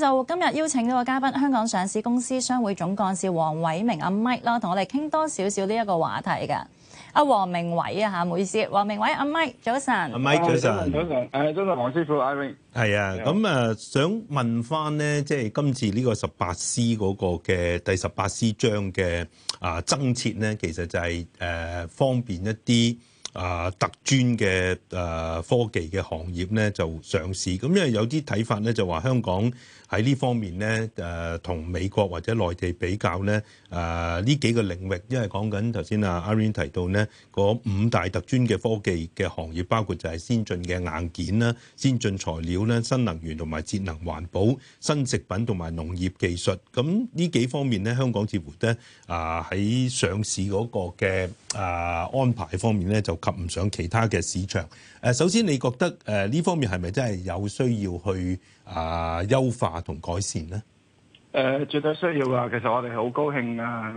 就今日邀請到個嘉賓，香港上市公司商會總幹事黃明偉阿 Mike 啦，同我哋傾多少少呢一個話題嘅。阿黃明偉啊嚇，唔好意思，黃明偉阿 Mike，早晨。阿 Mike 早晨，早晨，早晨，黃師傅，Ivan。係啊，咁啊，想問翻咧，即係今次呢個十八 C 嗰個嘅第十八 C 章嘅啊增設咧，其實就係誒方便一啲。啊，特專嘅、啊、科技嘅行業咧就上市，咁因為有啲睇法咧就話香港喺呢方面咧同、啊、美國或者內地比較咧呢、啊、幾個領域，因為講緊頭先啊阿 Rain 提到呢，五大特專嘅科技嘅行業，包括就係先進嘅硬件啦、先進材料啦、新能源同埋節能環保、新食品同埋農業技術，咁呢幾方面咧香港似乎咧啊喺上市嗰個嘅啊安排方面咧就及唔上其他嘅市場。誒，首先你覺得誒呢、呃、方面係咪真係有需要去啊、呃、優化同改善呢？誒、呃，絕對需要啊！其實我哋好高興啊，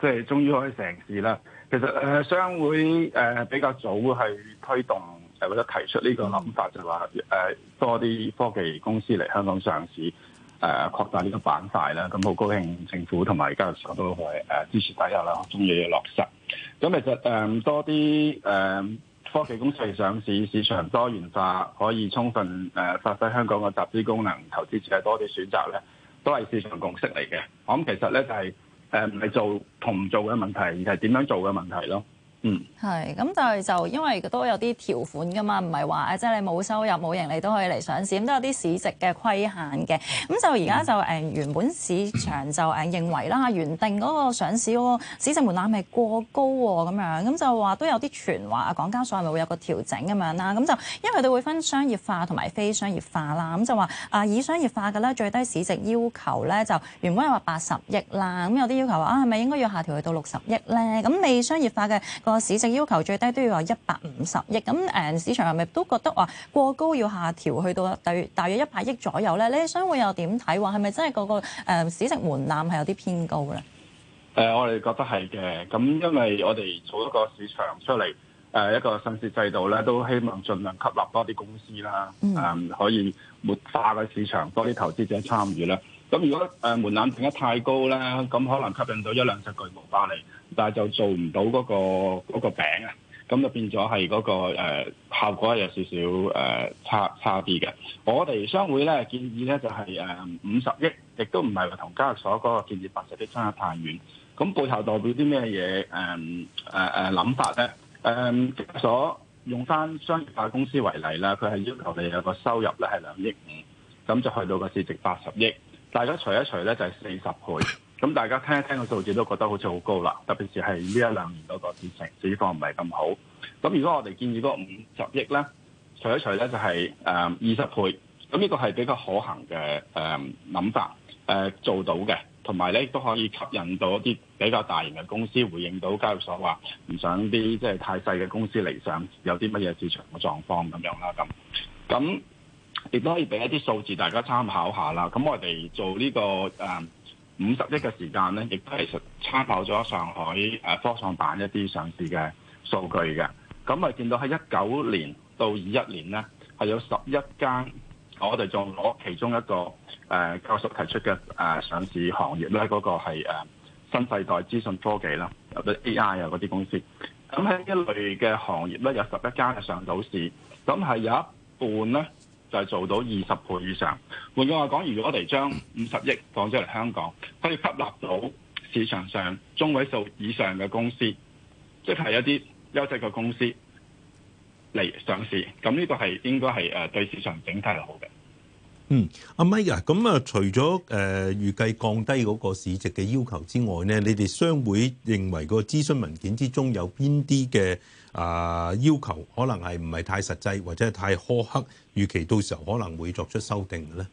即、就、係、是、終於可以成事啦。其實誒、呃，商會誒、呃、比較早係推動誒、呃、或者提出呢個諗法，就話、是、誒、呃、多啲科技公司嚟香港上市，誒、呃、擴大呢個板塊啦。咁、嗯、好高興政府同埋而家好多係誒支持底下啦，終於要落實。咁其實誒多啲誒科技公司上市，市場多元化可以充分誒發揮香港嘅集資功能，投資者多啲選擇咧，都係市場共識嚟嘅。我諗其實咧就係誒唔係做同唔做嘅問題，而係點樣做嘅問題咯。嗯，係，咁但係就因為都有啲條款噶嘛，唔係話誒，即係你冇收入冇盈利都可以嚟上市，咁都有啲市值嘅規限嘅。咁就而家就誒原本市場就誒認為啦，原定嗰個上市嗰個市值門檻係過高喎、哦，咁樣咁就話都有啲傳話，港交所係咪會有個調整咁樣啦？咁就因為佢哋會分商業化同埋非商業化啦，咁就話啊以商業化嘅咧最低市值要求咧就原本係話八十億啦，咁有啲要求話啊係咪應該要下調去到六十億咧？咁未商業化嘅市值要求最低都要有一百五十億咁誒、嗯，市場係咪都覺得話過高要下調去到大約大約一百億左右咧？你哋商會又點睇？話係咪真係、那個個、嗯、市值門檻係有啲偏高咧？誒、呃，我哋覺得係嘅咁，因為我哋做一個市場出嚟誒、呃，一個上市制度咧，都希望盡量吸納多啲公司啦，誒、嗯嗯，可以活化個市場，多啲投資者參與啦。咁如果誒、呃、門檻定得太高咧，咁可能吸引到一兩隻巨無霸嚟，但係就做唔到嗰、嗰個嗰、嗰個、餅啊，咁就變咗係嗰個、呃、效果係有少少誒、呃、差差啲嘅。我哋商會咧建議咧就係誒五十億，亦都唔係話同交易所嗰個建議八十億差得太遠。咁背後代表啲咩嘢誒誒諗法咧？誒交易所用翻商業化公司為例啦，佢係要求你有個收入咧係兩億五，咁就去到個市值八十億。大家除一除咧就係四十倍，咁大家聽一聽個數字都覺得好似好高啦。特別是係呢一兩年嗰個事情，市況唔係咁好。咁如果我哋建議嗰五十億咧，除一除咧就係二十倍，咁呢個係比較可行嘅誒諗法，誒做到嘅，同埋咧亦都可以吸引到一啲比較大型嘅公司回應到交易所話唔想啲即係太細嘅公司嚟上，有啲乜嘢市場嘅狀況咁樣啦咁咁。亦都可以俾一啲數字大家參考下啦。咁我哋做呢個誒五十億嘅時間咧，亦都係參考咗上海誒科創板一啲上市嘅數據嘅。咁啊，見到喺一九年到二一年咧，係有十一間我哋仲攞其中一個誒、呃、教授提出嘅誒、呃、上市行業咧，嗰、那個係、呃、新世代資訊科技啦，有啲 A I 呀嗰啲公司。咁喺一類嘅行業咧，有十一間嘅上到市，咁係有一半咧。就係、是、做到二十倍以上。換句話講，如果我哋將五十億放咗嚟，香港可以吸納到市場上中位數以上嘅公司，即、就、係、是、一啲優質嘅公司嚟上市。咁呢個係應該係誒對市場整體係好嘅。嗯，阿 Mike 啊，咁、嗯、啊，除咗誒、呃、預計降低嗰個市值嘅要求之外咧，你哋商會認為個諮詢文件之中有邊啲嘅啊要求可能係唔係太實際或者係太苛刻，預期到時候可能會作出修訂嘅咧？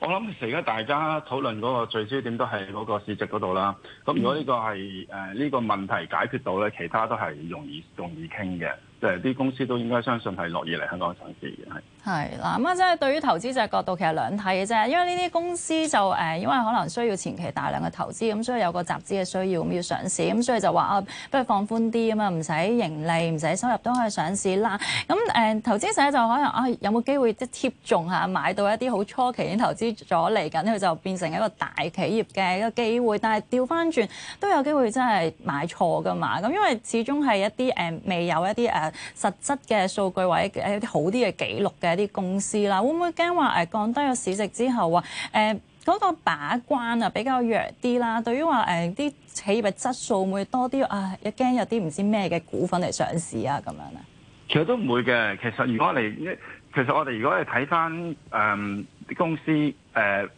我諗而家大家討論嗰個聚焦點都係嗰個市值嗰度啦。咁如果呢個係誒呢個問題解決到咧，其他都係容易容易傾嘅。即係啲公司都應該相信係樂意嚟香港上市嘅，係係嗱咁啊！即係對於投資者角度，其實兩睇嘅啫。因為呢啲公司就誒，因為可能需要前期大量嘅投資，咁、嗯、所以有個集資嘅需要，咁、嗯、要上市，咁、嗯、所以就話啊，不如放寬啲啊嘛，唔使盈利，唔使收入都可以上市啦。咁誒、嗯，投資者就可能啊，有冇機會即係貼中下，買到一啲好初期已經投資咗嚟緊，佢就變成一個大企業嘅一個機會。但係調翻轉都有機會真係買錯㗎嘛？咁、嗯、因為始終係一啲誒、嗯、未有一啲實質嘅數據或者一啲好啲嘅記錄嘅一啲公司啦，會唔會驚話誒降低個市值之後啊？誒、哎、嗰、嗰個把關啊比較弱啲啦。對於話誒啲企業嘅質素會多啲啊，又、哎、驚有啲唔知咩嘅股份嚟上市啊咁樣啊？其實都唔會嘅。其實如果你，其實我哋如果你睇翻誒公司誒、嗯、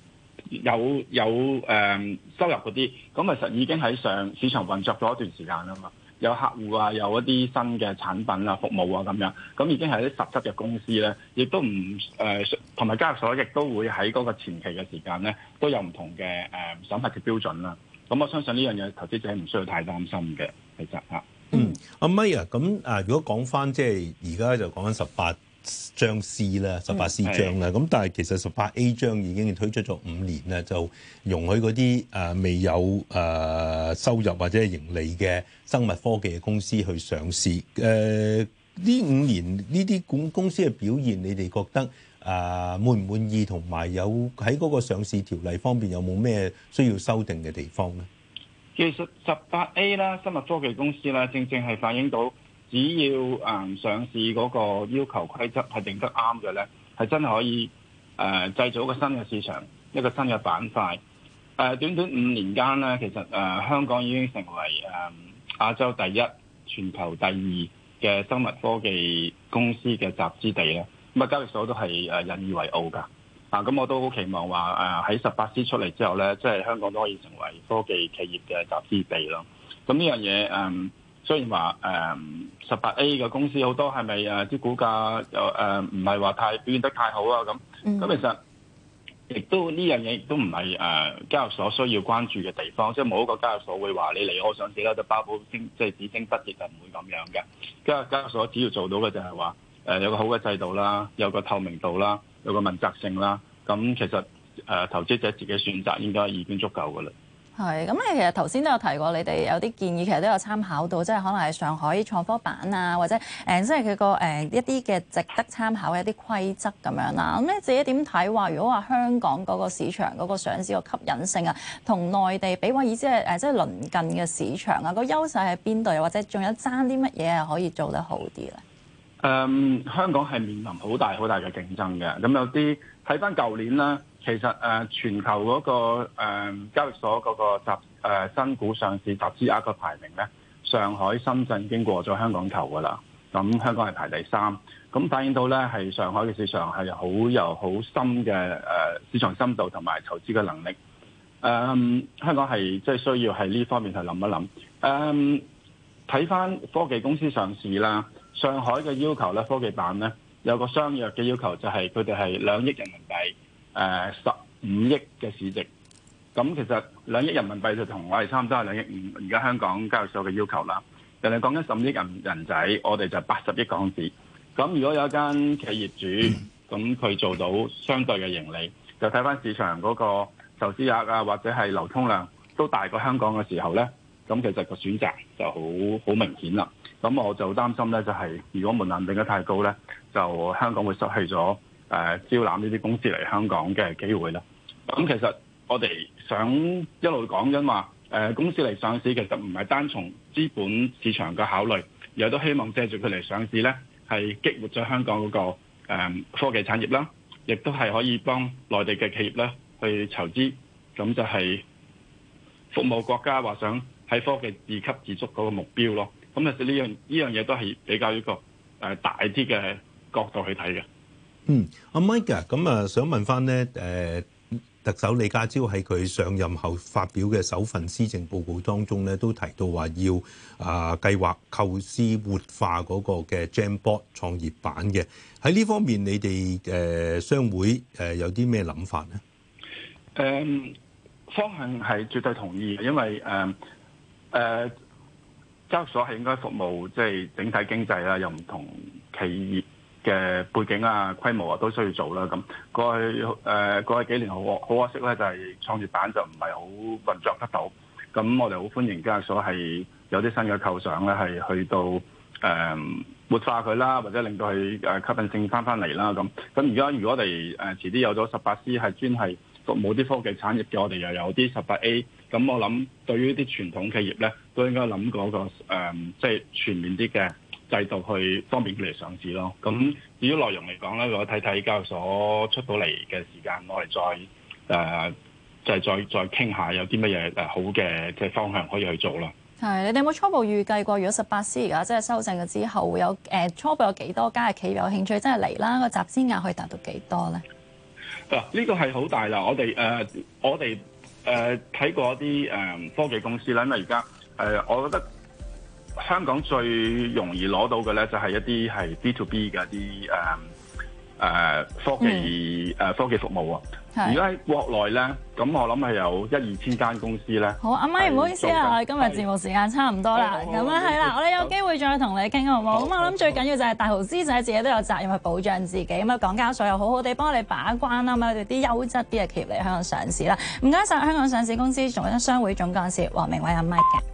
有有誒、嗯、收入嗰啲，咁其實已經喺上市場運作咗一段時間啦嘛。有客戶啊，有一啲新嘅產品啊、服務啊咁樣，咁已經係啲實質嘅公司咧，亦都唔誒，同埋交易所亦都會喺嗰個前期嘅時間咧，都有唔同嘅誒、呃、審核嘅標準啦、啊。咁我相信呢樣嘢，投資者唔需要太擔心嘅，其實嚇、啊。嗯，阿 May 啊，咁啊，如果講翻即係而家就講緊十八。章 C 啦，十八 C 章啦，咁但係其實十八 A 章已經推出咗五年啦，就容許嗰啲誒未有誒收入或者係盈利嘅生物科技嘅公司去上市。誒呢五年呢啲股公司嘅表現，你哋覺得誒滿唔滿意？同埋有喺嗰個上市條例方面有冇咩需要修訂嘅地方咧？其實十八 A 啦，生物科技公司啦，正正係反映到。只要誒上市嗰個要求規則係定得啱嘅咧，係真係可以誒、呃、製造一個新嘅市場，一個新嘅板塊。誒、呃、短短五年間咧，其實誒、呃、香港已經成為誒、呃、亞洲第一、全球第二嘅生物科技公司嘅集資地咧。咁、呃、啊，交易所都係誒引以為傲㗎。啊、呃，咁我都好期望話誒喺 18C 出嚟之後咧，即、就、係、是、香港都可以成為科技企業嘅集資地咯。咁、呃、呢樣嘢誒。呃雖然話誒十八 A 嘅公司好多係咪誒啲股價又誒唔係話太表現得太好啊，咁，咁、mm-hmm. 其實亦都呢樣嘢亦都唔係誒交易所需要關注嘅地方，即係冇一個交易所會話你嚟我上市啦就包保升，即係只升不跌就唔會咁樣嘅。加交易所只要做到嘅就係話誒有個好嘅制度啦，有個透明度啦，有個問責性啦，咁其實誒、啊、投資者自己選擇應該已經足夠嘅啦。係，咁你其實頭先都有提過你，你哋有啲建議，其實都有參考到，即係可能係上海創科板啊，或者誒，即係佢個誒一啲嘅值得參考嘅一啲規則咁樣啦。咁你自己點睇話？如果話香港嗰個市場嗰個上市個吸引性啊，同內地比話，意思係誒，即係鄰近嘅市場啊，個優勢喺邊度，或者仲有爭啲乜嘢係可以做得好啲咧？誒、嗯，香港係面臨好大好大嘅競爭嘅，咁有啲睇翻舊年啦。其實誒、呃，全球嗰、那個、呃、交易所嗰個集、呃、新股上市集資額個排名咧，上海、深圳已經過咗香港頭噶啦。咁香港係排第三，咁反映到咧係上海嘅市場係好有好深嘅誒、呃、市場深度同埋投資嘅能力。誒、呃，香港係即係需要喺呢方面去諗一諗。誒、呃，睇翻科技公司上市啦，上海嘅要求咧，科技板咧有個相約嘅要求，就係佢哋係兩億人民幣。誒十五億嘅市值，咁其實兩億人民幣就同我哋差唔多係兩億五，而家香港交易所嘅要求啦。人哋講緊十五億人人仔，我哋就八十億港紙。咁如果有一間企業主咁佢做到相對嘅盈利，就睇翻市場嗰個投資額啊，或者係流通量都大過香港嘅時候咧，咁其實個選擇就好好明顯啦。咁我就擔心咧、就是，就係如果門檻定得太高咧，就香港會失去咗，誒、啊、招攬呢啲公司嚟香港嘅機會啦。咁、嗯、其實我哋想一路講緊話誒公司嚟上市，其實唔係單從資本市場嘅考慮，亦都希望借住佢嚟上市呢係激活咗香港嗰、那個、嗯、科技產業啦，亦都係可以幫內地嘅企業呢去籌資，咁就係服務國家話想喺科技自給自足嗰個目標咯。咁其實呢樣呢樣嘢都係比較一個誒、呃、大啲嘅角度去睇嘅。嗯，阿 Mike 啊，咁啊想問翻咧，誒，特首李家超喺佢上任後發表嘅首份施政報告當中咧，都提到話要啊計劃構思活化嗰個嘅 GEM board 創業板嘅喺呢方面，你哋誒商會誒有啲咩諗法咧？誒、嗯、方向係絕對同意，因為誒誒交易所係應該服務即係、就是、整體經濟啦，又唔同企業。嘅背景啊、規模啊，都需要做啦。咁過去誒、呃、過去幾年好可好可惜咧，就係創業板就唔係好運作得到。咁我哋好歡迎交易所係有啲新嘅構想咧，係去到誒活、嗯、化佢啦，或者令到佢誒吸引性翻翻嚟啦。咁咁而家如果我哋誒、呃、遲啲有咗十八 C 係專係服務啲科技產業嘅，我哋又有啲十八 A，咁我諗對於啲傳統企業咧，都應該諗、嗰個即係全面啲嘅。制度去方便佢哋上市咯。咁至於內容嚟講咧，我睇睇交易所出到嚟嘅時間，我哋、呃、再誒即係再再傾下有啲乜嘢誒好嘅即係方向可以去做啦。係你哋有冇初步預計過，如果十八 C 而家即係修正咗之後，會有誒、呃、初步有幾多家嘅企業有興趣真係嚟啦？個集資額可以達到幾多咧？嗱，呢個係好大啦！我哋誒、呃、我哋誒睇過一啲誒、呃、科技公司啦，因為而家誒我覺得。香港最容易攞到嘅咧，就係一啲係 B to B 嘅一啲誒誒科技誒、嗯、科技服務啊。而家喺國內咧，咁我諗係有一二千間公司咧。好，阿 Mike 唔好意思啊，今日節目時間差唔多啦，咁啊係啦，我哋有機會再同你傾好唔好？咁我諗最緊要就係大投資者自己都有責任去保障自己，咁啊港交所又好好地幫你把關啊。咁啊啲優質啲嘅企業嚟香港上市啦。唔該晒，香港上市公司總商會總幹事黃明偉阿 Mike。